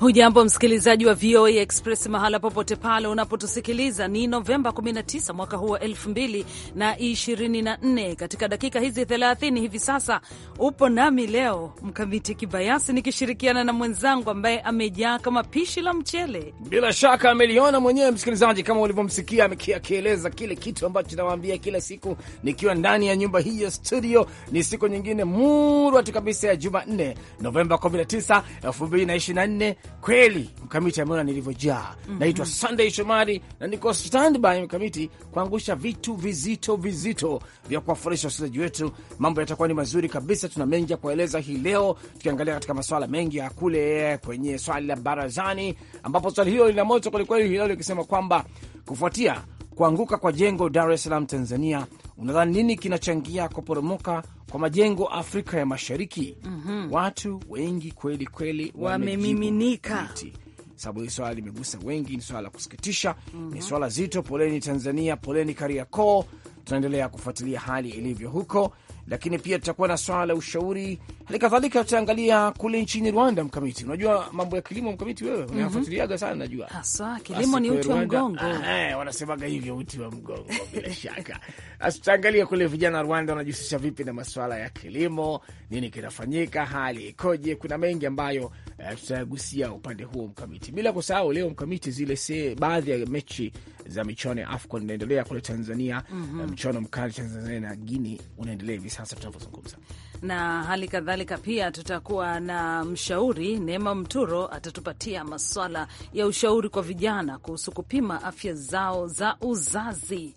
Hujambo msikilizaji wa VOA Express mahala popote pale unapotusikiliza. Ni Novemba 19 mwaka huu wa 2024. Katika dakika hizi 30 hivi sasa upo nami leo Mkamiti Kibayasi nikishirikiana na mwenzangu ambaye amejaa kama pishi la mchele. Bila shaka ameliona mwenyewe msikilizaji, kama ulivyomsikia akieleza kile kitu ambacho nawaambia kila siku nikiwa ndani ya nyumba hii ya studio. Ni siku nyingine murwatu kabisa ya Jumanne, Novemba 19, 2024 kweli mkamiti ameona nilivyojaa. mm -hmm. Naitwa Sunday Shomari na niko standby mkamiti kuangusha vitu vizito vizito vya kuwafurahisha wasikilizaji wetu. Mambo yatakuwa ni mazuri kabisa, tuna mengi ya kueleza hii leo, tukiangalia katika masuala mengi ya kule kwenye swali la barazani, ambapo swali hilo lina moto kwelikweli hilo leo likisema kwamba kufuatia kuanguka kwa jengo Dar es Salaam Tanzania unadhani nini kinachangia kuporomoka kwa majengo Afrika ya Mashariki? mm -hmm. Watu wengi kweli kweli wamemiminika sababu hili swala limegusa wengi, ni swala la kusikitisha. mm -hmm. Ni mhm. swala zito. Poleni Tanzania, poleni Kariakoo. Tunaendelea kufuatilia hali ilivyo huko, lakini pia tutakuwa na swala la ushauri. Hali kadhalika tutaangalia kule nchini Rwanda. Mkamiti, unajua mambo ya kilimo, Mkamiti wewe unafuatiliaga sana, najua haswa kilimo ni uti wa mgongo, ah, eh, wanasemaga hivyo, uti wa mgongo bila shaka. Basi tutaangalia kule vijana wa Rwanda wanajihusisha vipi na maswala ya kilimo, nini kinafanyika, hali ikoje? Kuna mengi ambayo uh, tutayagusia upande huo Mkamiti, bila kusahau leo Mkamiti, zile baadhi ya mechi za michuano ya AFCON inaendelea kule Tanzania mm -hmm. Mchuano mkali Tanzania na Guini unaendelea hivi sasa tunavyozungumza, na hali kadhalika pia tutakuwa na mshauri Neema Mturo atatupatia maswala ya ushauri kwa vijana kuhusu kupima afya zao za uzazi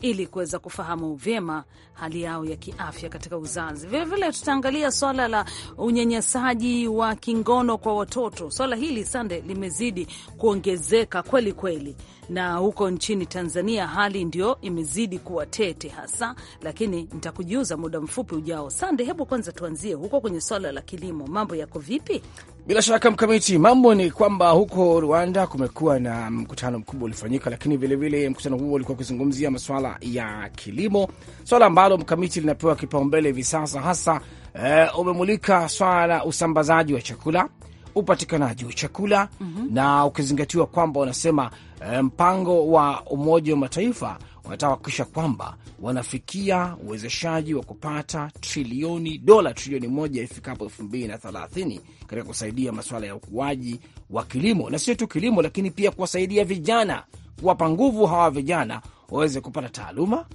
ili kuweza kufahamu vyema hali yao ya kiafya katika uzazi. Vilevile tutaangalia swala la unyanyasaji wa kingono kwa watoto. Swala hili sande limezidi kuongezeka kweli kweli, na huko nchini Tanzania hali ndio imezidi kuwa tete hasa, lakini nitakujiuza muda mfupi ujao. Sande, hebu kwanza tuanzie huko kwenye swala la kilimo, mambo yako vipi? Bila shaka Mkamiti, mambo ni kwamba huko Rwanda kumekuwa na mkutano mkubwa ulifanyika, lakini vilevile vile mkutano huo ulikuwa ukizungumzia masuala ya kilimo, swala ambalo Mkamiti linapewa kipaumbele hivi sasa hasa, eh, umemulika swala la usambazaji wa chakula upatikanaji wa chakula mm -hmm. na ukizingatiwa kwamba wanasema eh, mpango wa Umoja wa Mataifa wanataka kuhakikisha kwamba wanafikia uwezeshaji wa kupata trilioni dola trilioni moja ifikapo elfu mbili na thelathini katika kusaidia masuala ya ukuaji wa kilimo, na sio tu kilimo, lakini pia kuwasaidia vijana, kuwapa nguvu hawa vijana waweze kupata taaluma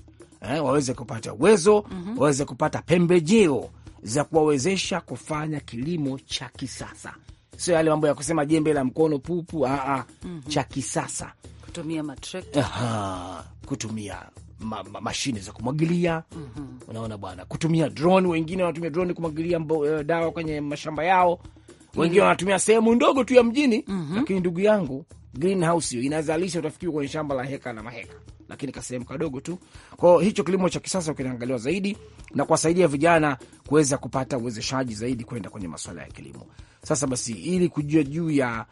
eh, waweze kupata uwezo mm -hmm. waweze kupata pembejeo za kuwawezesha kufanya kilimo cha kisasa sio yale mambo ya kusema jembe la mkono pupu, a, ah, ah. mm -hmm. cha kisasa kutumia matrekta, aha, kutumia ma, ma, mashine za kumwagilia mm -hmm. Unaona bwana, kutumia drone. Wengine wanatumia drone kumwagilia uh, dawa kwenye mashamba yao, wengine wanatumia sehemu ndogo tu ya mjini mm -hmm. Lakini ndugu yangu greenhouse hiyo inazalisha, utafikiri kwenye shamba la heka na maheka, lakini kasehemu kadogo tu. Kwao hicho kilimo cha kisasa kinaangaliwa zaidi na kuwasaidia vijana kuweza kupata uwezeshaji zaidi kwenda kwenye masuala ya kilimo. Sasa basi, ili kujua juu ya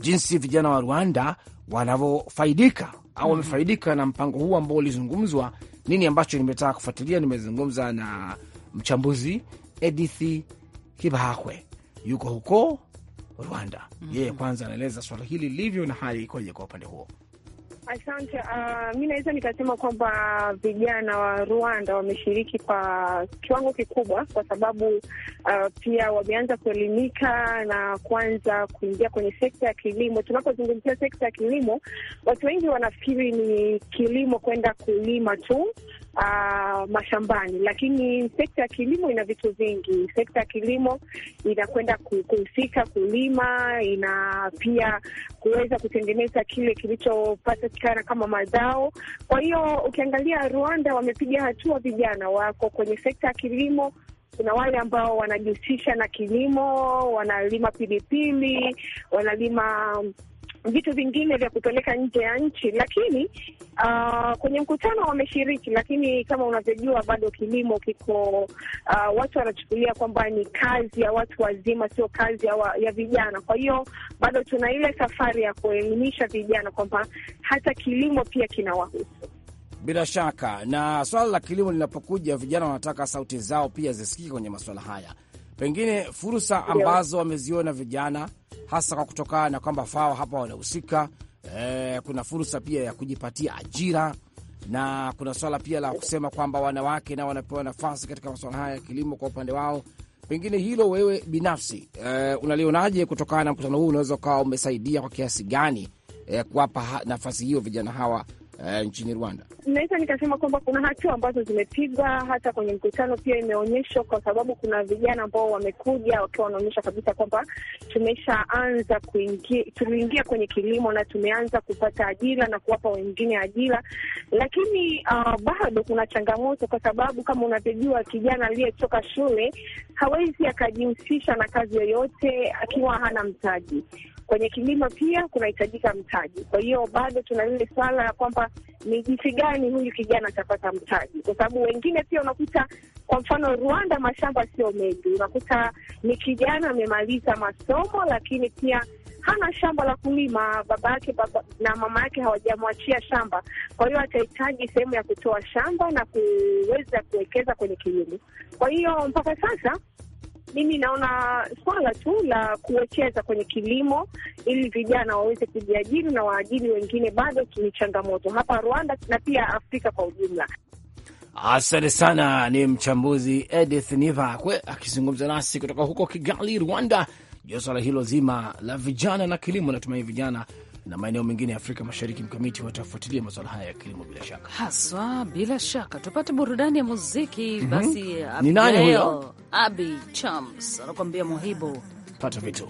jinsi vijana wa Rwanda wanavyofaidika au mm-hmm. wamefaidika na mpango huu ambao ulizungumzwa, nini ambacho nimetaka kufuatilia, nimezungumza na mchambuzi Edith Kibahakwe, yuko huko Rwanda. Yeye kwanza anaeleza swala hili lilivyo na hali ikoje kwa upande huo. Asante. Uh, mi naweza nikasema kwamba vijana wa Rwanda wameshiriki kwa kiwango kikubwa, kwa sababu uh, pia wameanza kuelimika na kuanza kuingia kwenye sekta ya kilimo. Tunapozungumzia sekta ya kilimo, watu wengi wanafikiri ni kilimo kwenda kulima tu, uh, mashambani, lakini sekta ya kilimo ina vitu vingi. Sekta ya kilimo inakwenda kuhusika kulima, ina pia kuweza kutengeneza kile kilichopatikana kama mazao. Kwa hiyo ukiangalia Rwanda wamepiga hatua, vijana wako kwenye sekta ya kilimo kuna wale ambao wanajihusisha na kilimo, wanalima pilipili, wanalima vitu vingine vya kupeleka nje ya nchi, lakini uh, kwenye mkutano wameshiriki, lakini kama unavyojua bado kilimo kiko uh, watu wanachukulia kwamba ni kazi ya watu wazima, sio kazi ya, wa, ya vijana. Kwa hiyo bado tuna ile safari ya kuelimisha vijana kwamba hata kilimo pia kinawahusu. Bila shaka, na swala la kilimo linapokuja, vijana wanataka sauti zao pia zisikike kwenye masuala haya pengine fursa ambazo wameziona vijana hasa kwa kutokana na kwamba FAO hapa wanahusika. E, kuna fursa pia ya kujipatia ajira na kuna swala pia la kusema kwamba wanawake nao wanapewa nafasi katika masuala haya ya kilimo kwa upande wao. Pengine hilo wewe binafsi e, unalionaje kutokana na mkutano huu unaweza ukawa umesaidia kwa kiasi gani e, kuwapa nafasi hiyo vijana hawa uh, nchini Rwanda? Naweza nikasema kwamba kuna hatua ambazo zimepigwa, hata kwenye mkutano pia imeonyeshwa, kwa sababu kuna vijana ambao wamekuja wakiwa wanaonyesha kabisa kwamba tumeshaanza kuingia, tuliingia kwenye kilimo na tumeanza kupata ajira na kuwapa wengine ajira, lakini uh, bado kuna changamoto, kwa sababu kama unavyojua kijana aliyetoka shule hawezi akajihusisha na kazi yoyote akiwa hana mtaji. Kwenye kilimo pia kunahitajika mtaji. Kwa hiyo bado tuna lile swala ya kwamba ni jinsi gani huyu kijana atapata mtaji, kwa sababu wengine pia unakuta, kwa mfano Rwanda, mashamba sio mengi. Unakuta ni kijana amemaliza masomo, lakini pia hana shamba la kulima. Baba yake baba na mama yake hawajamwachia shamba, kwa hiyo atahitaji sehemu ya kutoa shamba na kuweza kuwekeza kwenye kilimo. Kwa hiyo mpaka sasa mimi naona swala tu la kuwekeza kwenye kilimo ili vijana waweze kujiajiri na waajiri wengine bado ni changamoto hapa Rwanda na pia Afrika kwa ujumla. Asante sana. Ni mchambuzi Edith kwe akizungumza nasi kutoka huko Kigali, Rwanda, juu ya swala hilo zima la vijana na kilimo. Natumai vijana na maeneo mengine ya Afrika Mashariki. Mkamiti watafuatilia masuala haya ya kilimo bila shaka haswa. Bila shaka tupate burudani ya muziki. Mhm. Basi mm -hmm. ni nani huyo? Abi Chams anakuambia Muhibu, pata vitu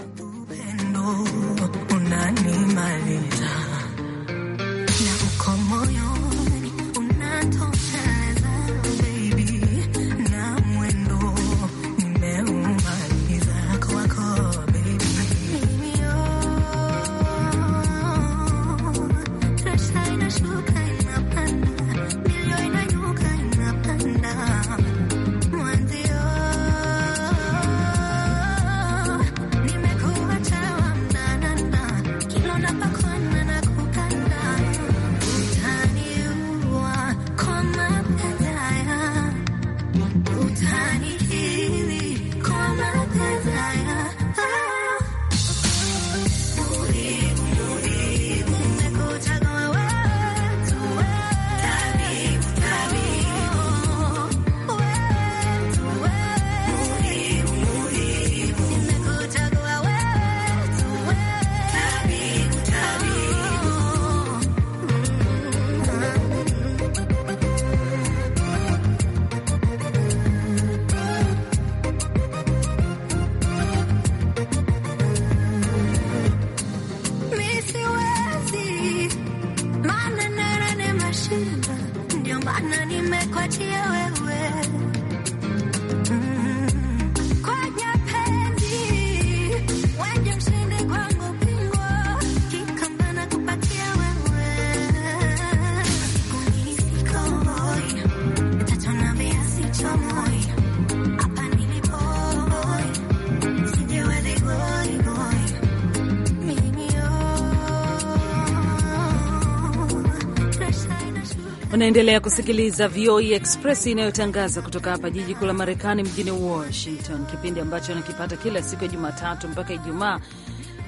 Unaendelea kusikiliza VOA e Express inayotangaza kutoka hapa jiji kuu la Marekani, mjini Washington, kipindi ambacho anakipata kila siku ya Jumatatu mpaka Ijumaa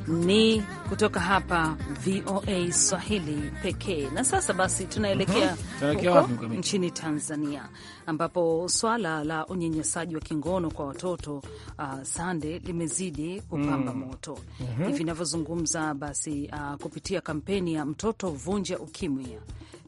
ni kutoka hapa VOA Swahili pekee. Na sasa basi tunaelekea mhm. huko nchini Tanzania, ambapo swala la unyanyasaji wa kingono kwa watoto uh, sande limezidi kupamba mm. moto mm hivi -hmm. inavyozungumza basi uh, kupitia kampeni ya mtoto vunja ukimwi,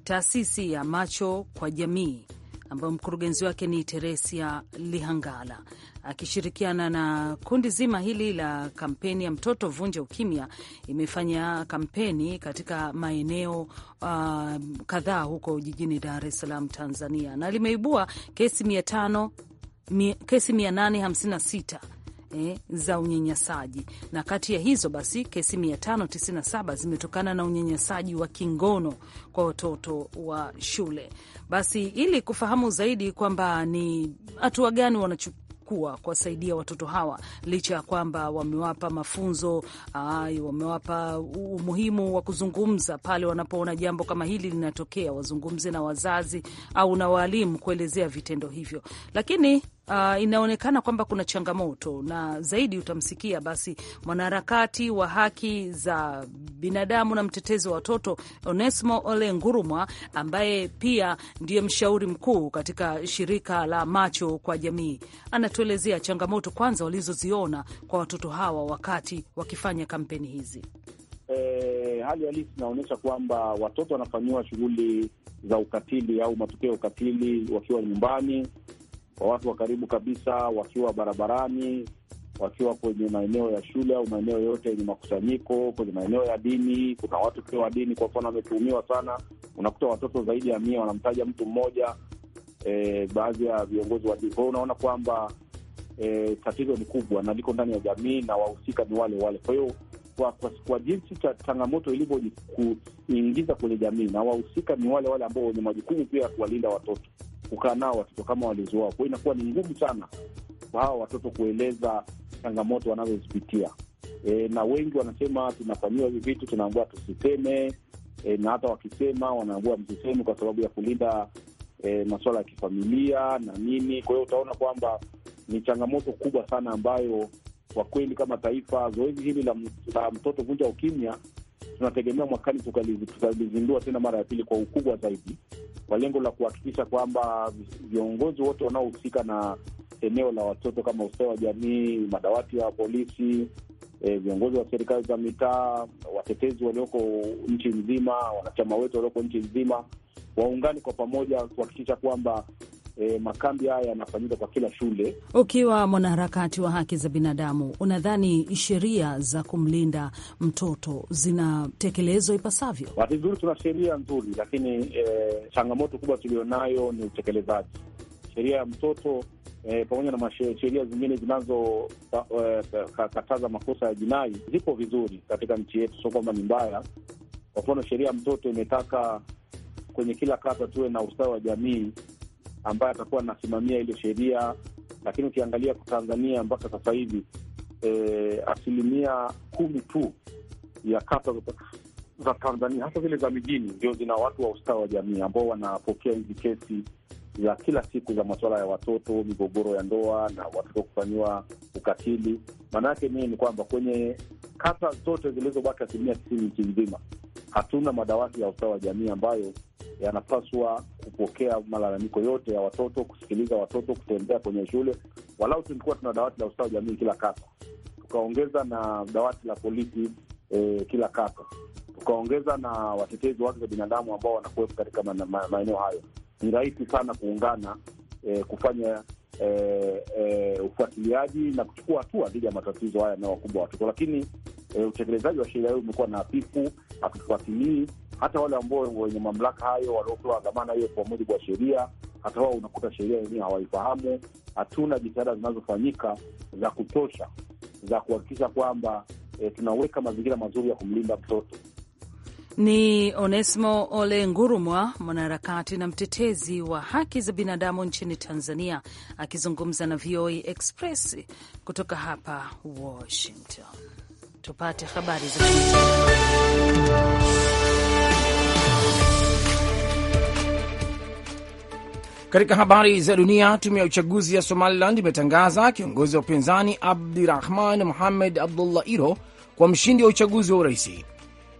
taasisi ya macho kwa jamii ambayo mkurugenzi wake ni Teresia Lihangala, akishirikiana na kundi zima hili la kampeni ya mtoto vunja ukimya, imefanya kampeni katika maeneo uh, kadhaa huko jijini Dar es Salaam, Tanzania, na limeibua kesi mia tano kesi mia nane hamsini na sita eh, za unyanyasaji, na kati ya hizo basi kesi 597 zimetokana na unyanyasaji wa kingono kwa watoto wa shule. Basi ili kufahamu zaidi kwamba ni hatua gani wanachukua kuwa kuwasaidia watoto hawa, licha ya kwamba wamewapa mafunzo ay, wamewapa umuhimu wa kuzungumza pale wanapoona jambo kama hili linatokea, wazungumze na wazazi au na waalimu kuelezea vitendo hivyo, lakini Uh, inaonekana kwamba kuna changamoto na zaidi utamsikia basi mwanaharakati wa haki za binadamu na mtetezi wa watoto Onesmo Ole Ngurumwa, ambaye pia ndiye mshauri mkuu katika shirika la Macho kwa Jamii, anatuelezea changamoto kwanza walizoziona kwa watoto hawa wakati wakifanya kampeni hizi. E, hali halisi inaonyesha kwamba watoto wanafanyiwa shughuli za ukatili au matukio ya ukatili wakiwa nyumbani, kwa watu wa karibu kabisa, wakiwa barabarani, wakiwa kwenye maeneo ya shule au maeneo yote yenye makusanyiko, kwenye maeneo ya dini. Kuna watu pia wa dini, kwa mfano, wametuhumiwa sana. Unakuta watoto zaidi ya mia wanamtaja mtu mmoja, e, baadhi ya viongozi wa dini. Kwa hiyo unaona kwamba e, tatizo ni kubwa na liko ndani ya jamii na wahusika ni wale wale. Kwa hiyo kwa, kwa, kwa jinsi cha changamoto ilivyokuingiza kwenye jamii na wahusika ni wale wale ambao wenye majukumu pia ya kuwalinda watoto, kukaa nao watoto kama walezi wao. Kwa hiyo inakuwa ni ngumu sana kwa hawa watoto kueleza changamoto wanazozipitia. E, na wengi wanasema tunafanyiwa hivi vitu, tunaambua tusiseme. E, na hata wakisema wanaambua msiseme kwa sababu ya kulinda e, masuala ya kifamilia na nini. Kwa hiyo utaona kwamba ni changamoto kubwa sana ambayo kwa kweli kama taifa zoezi hili la, la mtoto vunja ukimya tunategemea mwakani tutalizindua tena mara ya pili kwa ukubwa zaidi, kwa lengo la kuhakikisha kwamba viongozi wote wanaohusika na eneo la watoto kama ustawi wa jamii, madawati ya polisi, e, viongozi wa serikali za mitaa, watetezi walioko nchi nzima, wanachama wetu walioko nchi nzima waungane kwa pamoja kuhakikisha kwamba E, makambi haya yanafanyika kwa kila shule. Ukiwa mwanaharakati wa haki za binadamu, unadhani sheria za kumlinda mtoto zinatekelezwa ipasavyo? Bahati nzuri tuna sheria nzuri, lakini e, changamoto kubwa tulionayo ni utekelezaji. Sheria ya mtoto eh, pamoja na sheria zingine zinazokataza eh, e, makosa ya jinai zipo vizuri katika nchi yetu, sio kwamba ni mbaya. Kwa mfano sheria ya mtoto imetaka kwenye kila kata tuwe na ustawi wa jamii ambaye atakuwa anasimamia ile sheria, lakini ukiangalia kwa Tanzania mpaka sasa hivi e, asilimia kumi tu ya kata za Tanzania hasa zile za mijini ndio zina watu wa ustawi wa jamii ambao wanapokea hizi kesi za kila siku za masuala ya watoto, migogoro ya ndoa na watoto kufanyiwa ukatili. Maana yake nii ni kwamba kwenye kata zote zilizobaki asilimia tisini nchi nzima hatuna madawati ya ustawi wa jamii ambayo yanapaswa kupokea malalamiko yote ya watoto, kusikiliza watoto, kutembea kwenye shule. Walau tulikuwa tuna dawati la ustawi wa jamii kila kata, tukaongeza na dawati la polisi eh, kila kata tukaongeza na watetezi wa haki za binadamu ambao wanakuwepo katika maeneo hayo ni rahisi sana kuungana eh, kufanya eh, eh, ufuatiliaji na kuchukua hatua dhidi ya matatizo haya wakubwa watoto, lakini eh, utekelezaji wa sheria hiyo umekuwa na hafifu, hatufuatilii hata wale ambao wenye mamlaka hayo waliopewa dhamana hiyo kwa mujibu wa sheria, hata wao unakuta sheria yenyewe hawaifahamu. Hatuna jitihada zinazofanyika za kutosha za kuhakikisha kwamba e, tunaweka mazingira mazuri ya kumlinda mtoto. Ni onesimo Ole Ngurumwa, mwanaharakati na mtetezi wa haki za binadamu nchini Tanzania, akizungumza na VOA Express kutoka hapa Washington. Tupate habari za Katika habari za dunia, tume ya uchaguzi ya Somaliland imetangaza kiongozi wa upinzani Abdirahman Muhamed Abdullah Iro kwa mshindi wa uchaguzi wa uraisi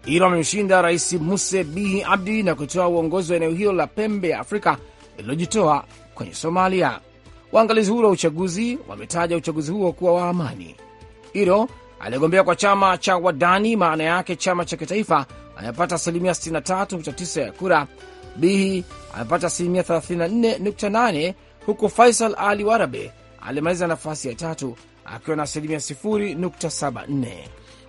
hilo amemshinda Rais Muse Bihi Abdi na kutoa uongozi wa eneo hilo la pembe ya Afrika lililojitoa kwenye Somalia. Waangalizi huru wa uchaguzi wametaja uchaguzi huo kuwa wa amani. Iro aliyegombea kwa chama cha Wadani, maana yake chama cha kitaifa, amepata asilimia 63.9 ya kura. Bihi amepata asilimia 34.8, huku Faisal Ali Warabe alimaliza nafasi ya tatu akiwa na asilimia 0.74.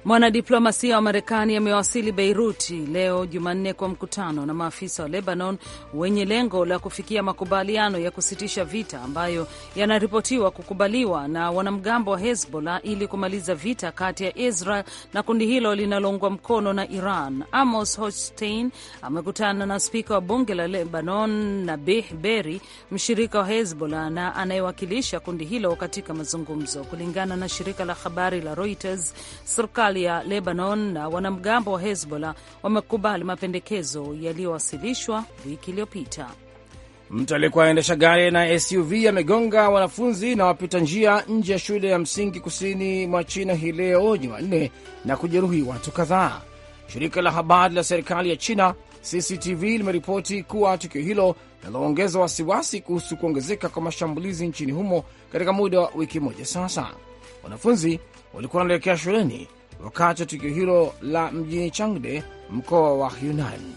Mwanadiplomasia wa Marekani amewasili Beiruti leo Jumanne kwa mkutano na maafisa wa Lebanon wenye lengo la kufikia makubaliano ya kusitisha vita ambayo yanaripotiwa kukubaliwa na wanamgambo wa Hezbollah ili kumaliza vita kati ya Israel na kundi hilo linaloungwa mkono na Iran. Amos Hochstein amekutana na spika wa bunge la Lebanon Nabih Berri, mshirika wa Hezbollah na anayewakilisha kundi hilo katika mazungumzo, kulingana na shirika la habari la Reuters. Serikali serikali ya Lebanon na wanamgambo wa Hezbollah wamekubali mapendekezo yaliyowasilishwa wiki iliyopita. Mtu aliyekuwa aendesha gari na SUV amegonga wanafunzi na wapita njia nje ya shule ya msingi kusini mwa China hii leo Jumanne na kujeruhi watu kadhaa. Shirika la habari la serikali ya China CCTV limeripoti kuwa tukio hilo linaloongeza wasiwasi kuhusu kuongezeka kwa mashambulizi nchini humo katika muda wa wiki moja sasa. Wanafunzi walikuwa wanaelekea shuleni wakati wa tukio hilo la mjini Changde, mkoa wa Hunan.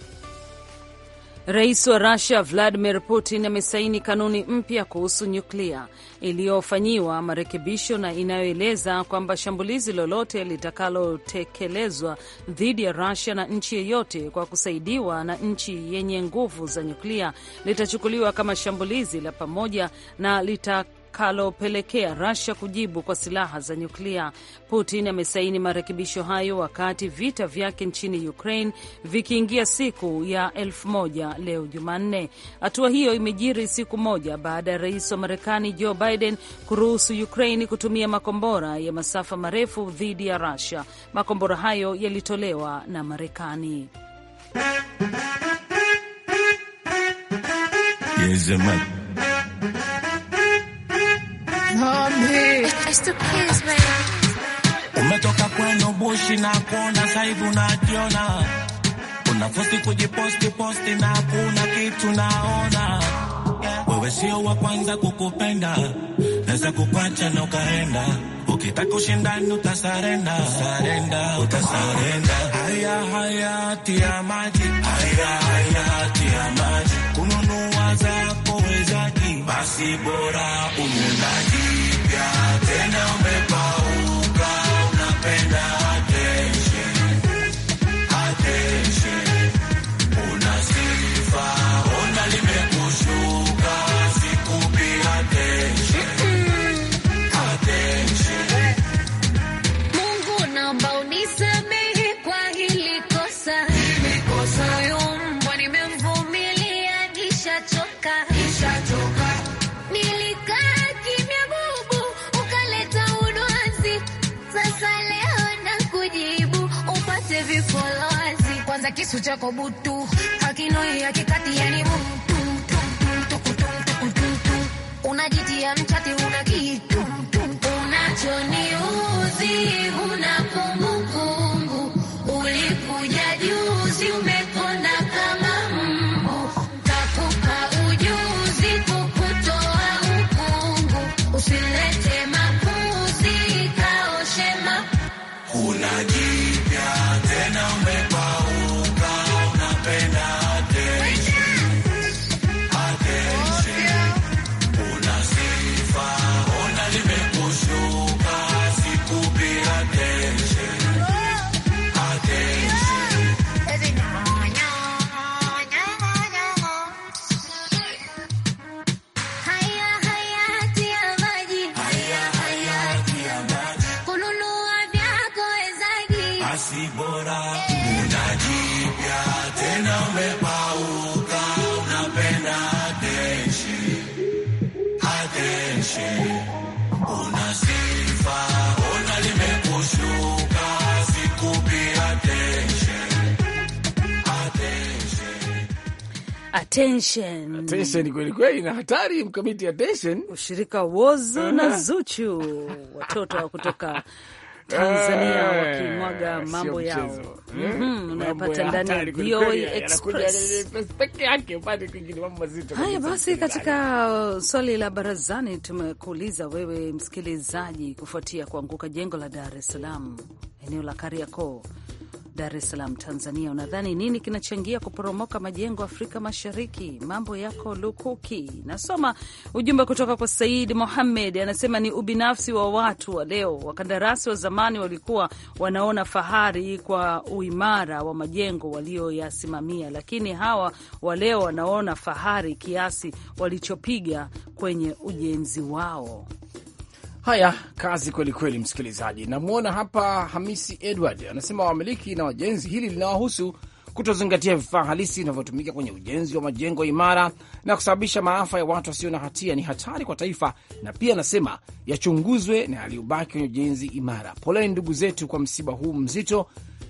Rais wa Rusia Vladimir Putin amesaini kanuni mpya kuhusu nyuklia iliyofanyiwa marekebisho na inayoeleza kwamba shambulizi lolote litakalotekelezwa dhidi ya Rusia na nchi yeyote kwa kusaidiwa na nchi yenye nguvu za nyuklia litachukuliwa kama shambulizi la pamoja na lita litakalopelekea Russia kujibu kwa silaha za nyuklia. Putin amesaini marekebisho hayo wakati vita vyake nchini Ukraine vikiingia siku ya elfu moja leo Jumanne. Hatua hiyo imejiri siku moja baada ya rais wa Marekani Joe Biden kuruhusu Ukraine kutumia makombora ya masafa marefu dhidi ya Russia. Makombora hayo yalitolewa na Marekani. Umetoka kwenu bushi na kuona saivi unajiona unafosi kujiposti posti na kuna kitu naona wewe sio wa kwanza kukupenda, naweza kukwacha na ukaenda. Ukitaka ushindani utasarenda, sarenda, utasarenda. Haya hayati ya maji, haya hayati ya chako butu hakinoi hakikati yani unajitia mchati una kitu unachoniuzi una kumbukumbu ulikuja juzi Attention. Attention kweli kweli na hatari mkamiti attention. Ushirika Wozu na Zuchu watoto kutoka Tanzania eh, wakimwaga mambo yao eh, mhm, unayopata ndani ya VOA Express Haya basi, katika swali la barazani tumekuuliza wewe msikilizaji, kufuatia kuanguka jengo la Dar es Salaam eneo la Kariakoo Dar es Salaam, Tanzania. Unadhani nini kinachangia kuporomoka majengo Afrika Mashariki? Mambo yako lukuki. Nasoma ujumbe kutoka kwa Said Mohamed, anasema ni ubinafsi wa watu wa leo. Wakandarasi wa zamani walikuwa wanaona fahari kwa uimara wa majengo walioyasimamia, lakini hawa wa leo wanaona fahari kiasi walichopiga kwenye ujenzi wao. Haya, kazi kweli kweli, msikilizaji. Namwona hapa Hamisi Edward anasema wamiliki na wajenzi, hili linawahusu kutozingatia vifaa halisi vinavyotumika kwenye ujenzi wa majengo imara na kusababisha maafa ya watu wasio na hatia, ni hatari kwa taifa, na pia anasema yachunguzwe na yaliyobaki kwenye ujenzi imara. Poleni ndugu zetu kwa msiba huu mzito,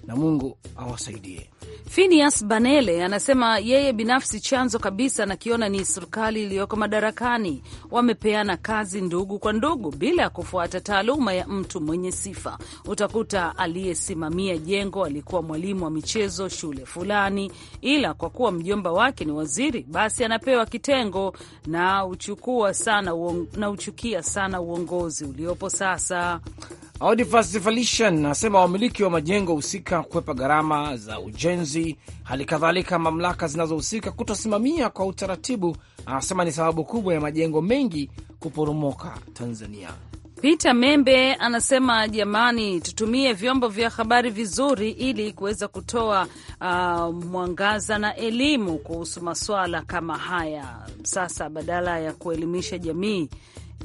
na Mungu awasaidie. Finias Banele anasema yeye binafsi chanzo kabisa nakiona ni serikali iliyoko madarakani. Wamepeana kazi ndugu kwa ndugu bila ya kufuata taaluma ya mtu mwenye sifa. Utakuta aliyesimamia jengo alikuwa mwalimu wa michezo shule fulani, ila kwa kuwa mjomba wake ni waziri, basi anapewa kitengo na uchukua sana, na uchukia sana uongozi uliopo sasa. Odifas Falishan anasema wamiliki wa majengo husika kukwepa gharama za ujenzi, hali kadhalika mamlaka zinazohusika kutosimamia kwa utaratibu, anasema ni sababu kubwa ya majengo mengi kuporomoka Tanzania. Peter Membe anasema jamani, tutumie vyombo vya habari vizuri ili kuweza kutoa uh, mwangaza na elimu kuhusu masuala kama haya. Sasa badala ya kuelimisha jamii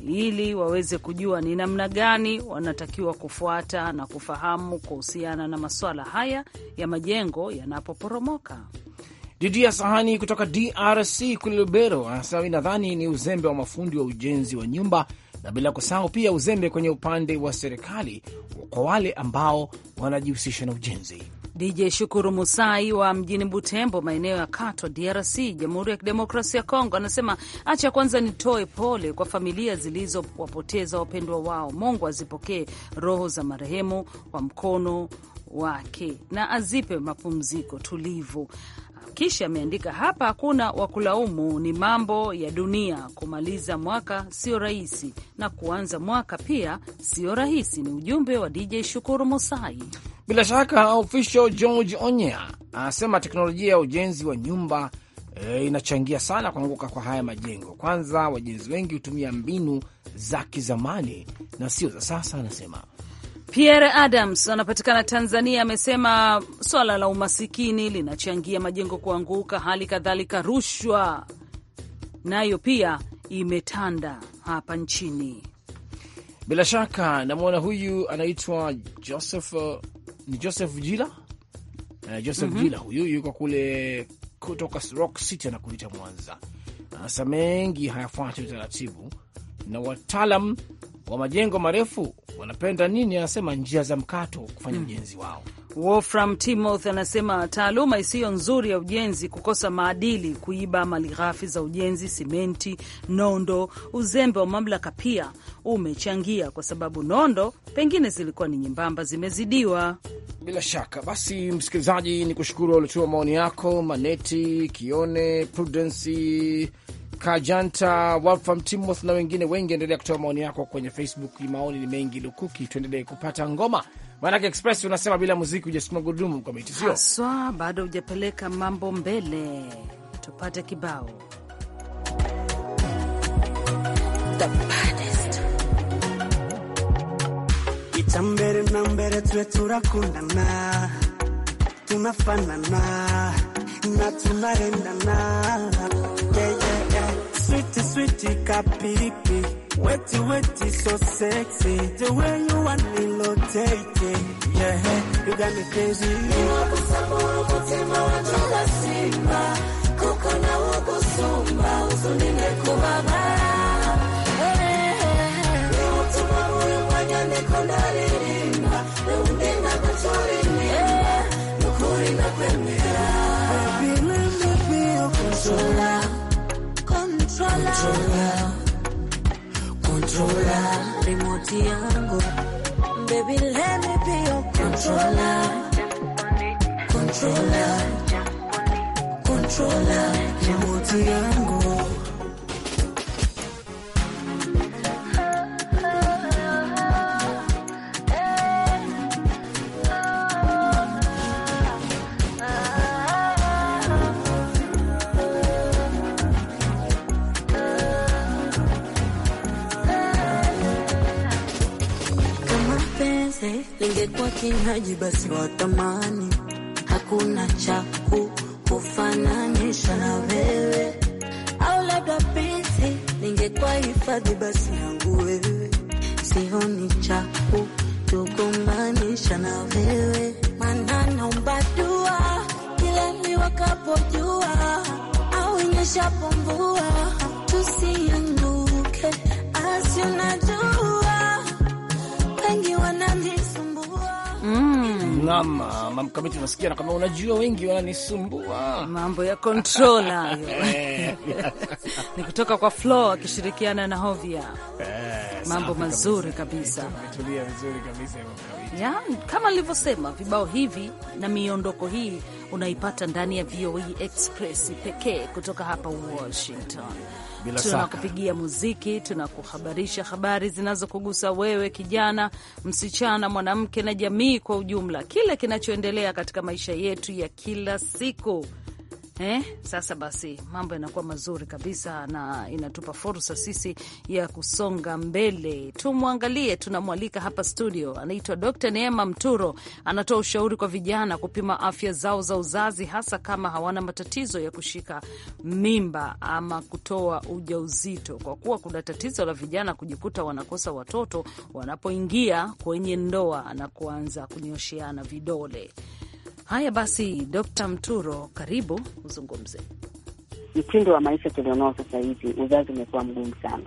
ili waweze kujua ni namna gani wanatakiwa kufuata na kufahamu kuhusiana na masuala haya ya majengo yanapoporomoka. Didi ya Sahani kutoka DRC kule Lubero anasema, nadhani ni uzembe wa mafundi wa ujenzi wa nyumba na bila kusahau pia uzembe kwenye upande wa serikali kwa wale ambao wanajihusisha na ujenzi. DJ Shukuru Musai wa mjini Butembo, maeneo ya Kato, DRC, Jamhuri ya Kidemokrasia ya Kongo, anasema acha kwanza nitoe pole kwa familia zilizowapoteza wapendwa wao. Mungu azipokee roho za marehemu wa mkono wake na azipe mapumziko tulivu. Kisha ameandika hapa, hakuna wa kulaumu, ni mambo ya dunia. Kumaliza mwaka sio rahisi na kuanza mwaka pia sio rahisi. Ni ujumbe wa DJ Shukuru Musai. Bila shaka official George Onyea anasema teknolojia ya ujenzi wa nyumba e, inachangia sana kuanguka kwa haya majengo. Kwanza wajenzi wengi hutumia mbinu za kizamani na sio za sasa, anasema Pierre Adams anapatikana Tanzania, amesema swala la umasikini linachangia majengo kuanguka, hali kadhalika rushwa nayo pia imetanda hapa nchini. Bila shaka namwona huyu anaitwa Joseph, ni Joseph Jila, eh, Joseph mm -hmm. Jila huyu yuko kule kutoka Rock City anakuita Mwanza, anasa mengi hayafuati utaratibu na wataalam wa majengo marefu wanapenda nini? Anasema njia za mkato kufanya mm. ujenzi wao. Wolfram Timoth anasema taaluma isiyo nzuri ya ujenzi, kukosa maadili, kuiba mali ghafi za ujenzi, simenti, nondo, uzembe wa mamlaka pia umechangia, kwa sababu nondo pengine zilikuwa ni nyembamba, zimezidiwa. Bila shaka basi, msikilizaji, ni kushukuru waliotoa maoni yako, Maneti Kione, Prudensi Kajanta Wafam Timoth na wengine wengi. Endelea kutoa maoni yako kwenye Facebook, maoni ni mengi lukuki. Tuendelee kupata ngoma, manake Express unasema bila muziki hujasukuma gurudumu mkamiti, sio haswa, bado hujapeleka mambo mbele. Tupate kibao itambere na mbere tue turakundana tunafanana na tunarendana sweetie kapipi, weti weti so sexy, the way you want me lo yeah, you got me crazy. Ni wako samoro mutima simba, kuko na wako sumba, nekubaba. Ni utuma Controla, controla remote yangu baby, let me be your controller, controller, controla remote yangu kwa kinyaji basi watamani, hakuna cha kufananisha na wewe, au labda pisi ningekuwa hifadhi basi yangu wewe, sioni cha kutukumbanisha na wewe, maana naomba dua kila niwakapojua au inyeshapombua tusianguke asina Naam, mamkamiti nasikia na kama unajua wengi wananisumbua mambo ya controller hayo. Eh, Ni kutoka kwa Flo akishirikiana na Hovia. Eh, mambo mazuri kabisa. Kabisa. Ya, kama nilivyosema vibao hivi na miondoko hii unaipata ndani ya VOA e Express pekee kutoka hapa Washington. Tunakupigia muziki, tunakuhabarisha habari zinazokugusa wewe, kijana, msichana, mwanamke na jamii kwa ujumla, kile kinachoendelea katika maisha yetu ya kila siku. Eh, sasa basi mambo yanakuwa mazuri kabisa na inatupa fursa sisi ya kusonga mbele. Tumwangalie, tunamwalika hapa studio, anaitwa Dr. Neema Mturo, anatoa ushauri kwa vijana kupima afya zao za uzazi, hasa kama hawana matatizo ya kushika mimba ama kutoa ujauzito, kwa kuwa kuna tatizo la vijana kujikuta wanakosa watoto wanapoingia kwenye ndoa na kuanza kunyosheana vidole. Haya basi, Dr. Mturo, karibu uzungumze. Mtindo wa maisha tulionao sasa hivi, uzazi umekuwa mgumu sana.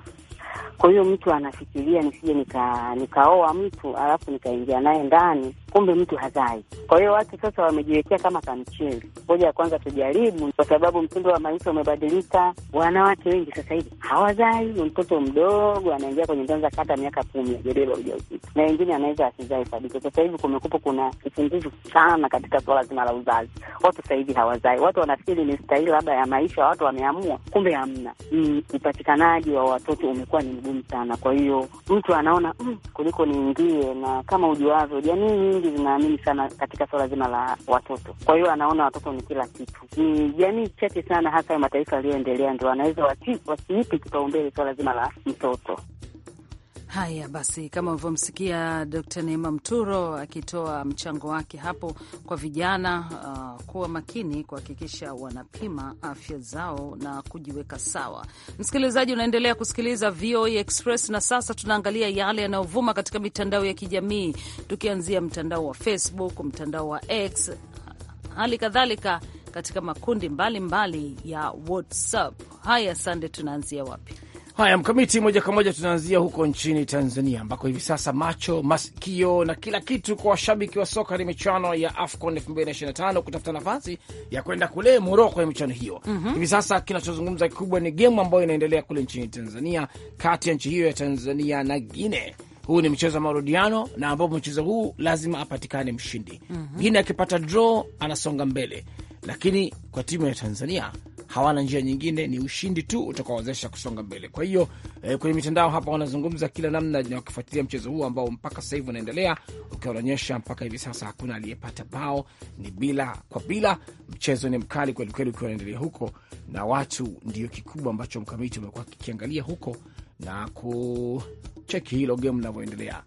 Kwa hiyo mtu anafikiria nisije nika nikaoa mtu alafu nikaingia naye ndani kumbe mtu hazai. Kwa hiyo watu sasa wamejiwekea kama kamcheli, ngoja ya kwanza tujaribu, kwa sababu mtindo wa maisha umebadilika. Wanawake wengi sasa hivi hawazai, ni mtoto mdogo anaingia kwenye ndoa kata miaka kumi ajabeba ujauzito, na wengine anaweza asizai kabisa. Sasa hivi kumekupo kuna upungufu sana katika swala zima la uzazi, watu sasa hivi hawazai. Watu wanafikiri ni stahili labda ya maisha, watu wameamua, kumbe hamna. Mm, upatikanaji wa watoto umekuwa ni mgumu sana, kwa hiyo mtu anaona mm, kuliko niingie na kama ujuavyo jamii nyingi nyingi zinaamini sana katika swala zima la watoto, kwa hiyo anaona watoto ni kila kitu. Ni jamii chache sana, hasa mataifa yaliyoendelea, ndio anaweza wasiipi kipaumbele swala zima la mtoto. Haya basi, kama ulivyomsikia d Neema Mturo akitoa mchango wake hapo kwa vijana uh, kuwa makini kuhakikisha wanapima afya zao na kujiweka sawa. Msikilizaji, unaendelea kusikiliza VOA e Express na sasa tunaangalia yale yanayovuma katika mitandao ya kijamii, tukianzia mtandao wa Facebook, mtandao wa X, hali kadhalika katika makundi mbalimbali mbali ya WhatsApp. Haya, Sande, tunaanzia wapi? Haya, mkamiti, moja kwa moja tunaanzia huko nchini Tanzania ambako hivi sasa macho, masikio na kila kitu kwa washabiki wa soka ni michuano ya AFCON 2025 kutafuta nafasi ya kwenda kule Moroko ya michuano hiyo. mm -hmm. Hivi sasa kinachozungumza kikubwa ni gemu ambayo inaendelea kule nchini Tanzania, kati ya nchi hiyo ya Tanzania na Guine. Huu ni mchezo wa marudiano na ambapo mchezo huu lazima apatikane mshindi. mm -hmm. Guine akipata draw anasonga mbele, lakini kwa timu ya Tanzania hawana njia nyingine, ni ushindi tu utakaowezesha kusonga mbele. Kwa hiyo eh, kwenye mitandao hapa wanazungumza kila namna na wakifuatilia mchezo huu ambao mpaka sasa hivi unaendelea ukionyesha, mpaka hivi sasa hakuna aliyepata bao, ni bila kwa bila. Mchezo ni mkali kwelikweli ukiwa unaendelea huko, na watu ndio kikubwa ambacho mkamiti umekuwa kikiangalia huko na kucheki hilo gemu linavyoendelea.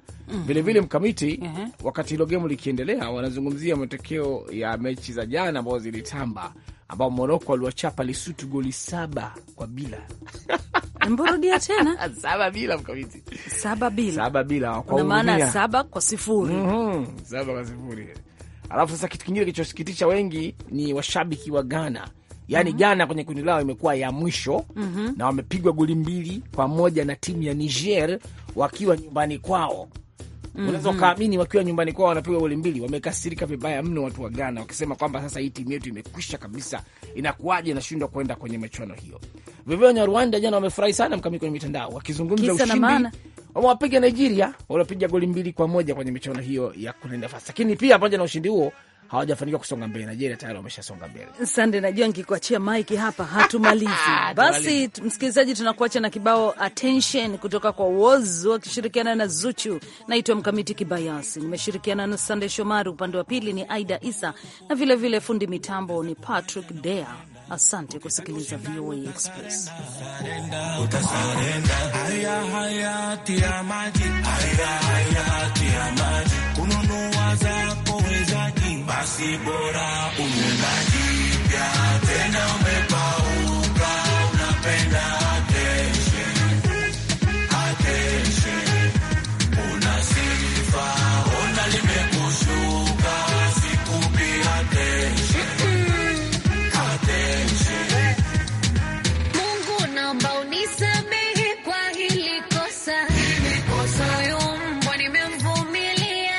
vilevile. Mm -hmm. mkamiti, mm -hmm. Wakati hilo gemu likiendelea, wanazungumzia matokeo ya mechi za jana ambazo zilitamba ambao Moroko waliwachapa Lesutu goli saba kwa bila mburudia tena saba bila mkamiti saba bila saba bila kwa maana saba kwa sifuri mm -hmm. saba kwa sifuri. Alafu sasa kitu kingine kilichosikitisha wengi ni washabiki wa Ghana yaani mm -hmm. Ghana kwenye kundi lao imekuwa ya mwisho mm -hmm. na wamepigwa goli mbili kwa moja na timu ya Niger wakiwa nyumbani kwao mm -hmm. Unaweza ukaamini wakiwa nyumbani kwao wanapiga goli mbili. Wamekasirika vibaya mno watu wa Ghana, wakisema kwamba sasa hii timu yetu imekwisha kabisa, inakuwaje inashindwa kwenda kwenye michuano hiyo? Vivyo wenye Rwanda jana wamefurahi sana mkamii kwenye mitandao wakizungumza ushindi wamewapiga Nigeria, walipiga goli mbili kwa moja kwenye michuano hiyo ya kulinda nafasi, lakini pia pamoja na ushindi huo hawajafanikiwa kusonga mbele. Nigeria tayari wameshasonga mbele. Sande, najua nikikuachia mike hapa hatumalizi. Ah, Basi msikilizaji, tunakuacha na kibao attention kutoka kwa Woz wakishirikiana na Zuchu. Naitwa Mkamiti Kibayasi, nimeshirikiana na Sande Shomari, upande wa pili ni Aida Isa na vilevile vile fundi mitambo ni Patrick Dea. Asante kusikiliza VOA Express basi bora unajipya tena umepauka unapenda